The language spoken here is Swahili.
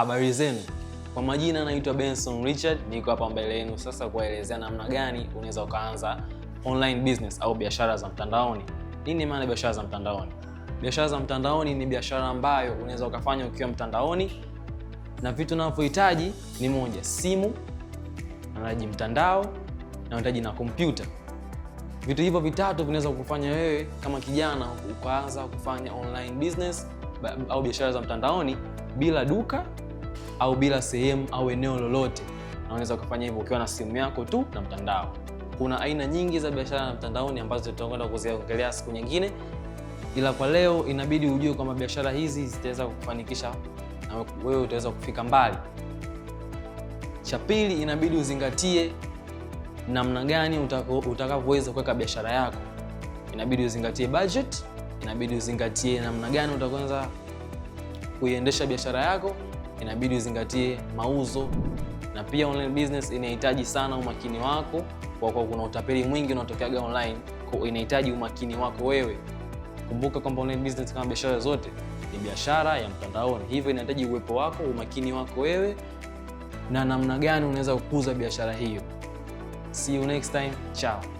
Habari zenu, kwa majina naitwa Benson Richard, niko hapa mbele yenu sasa kuwaelezea namna gani unaweza ukaanza online business au biashara za mtandaoni. Nini maana biashara za mtandaoni? Biashara za mtandaoni ni biashara ambayo unaweza ukafanya ukiwa mtandaoni, na vitu unavyohitaji ni moja, simu, unahitaji mtandao na unahitaji na kompyuta. Vitu hivyo vitatu vinaweza kukufanya wewe kama kijana ukaanza kufanya online business au biashara za mtandaoni bila duka au bila sehemu au eneo lolote, na unaweza kufanya hivyo ukiwa na simu yako tu na mtandao. Kuna aina nyingi za biashara na mtandaoni ambazo tutakwenda kuziongelea siku nyingine, ila kwa leo inabidi ujue kwamba biashara hizi zitaweza kukufanikisha na wewe utaweza kufika mbali. Cha pili, inabidi uzingatie namna gani utakavyoweza kuweka biashara yako. Inabidi uzingatie budget, inabidi uzingatie namna gani utakwenza kuiendesha biashara yako, inabidi uzingatie mauzo, na pia online business inahitaji sana umakini wako, kwa kuwa kuna utapeli mwingi unaotokeaga online, kwa inahitaji umakini wako wewe. Kumbuka kwamba online business kama biashara zote ni biashara ya mtandaoni, hivyo inahitaji uwepo wako, umakini wako wewe na namna gani unaweza kukuza biashara hiyo. See you next time. Ciao.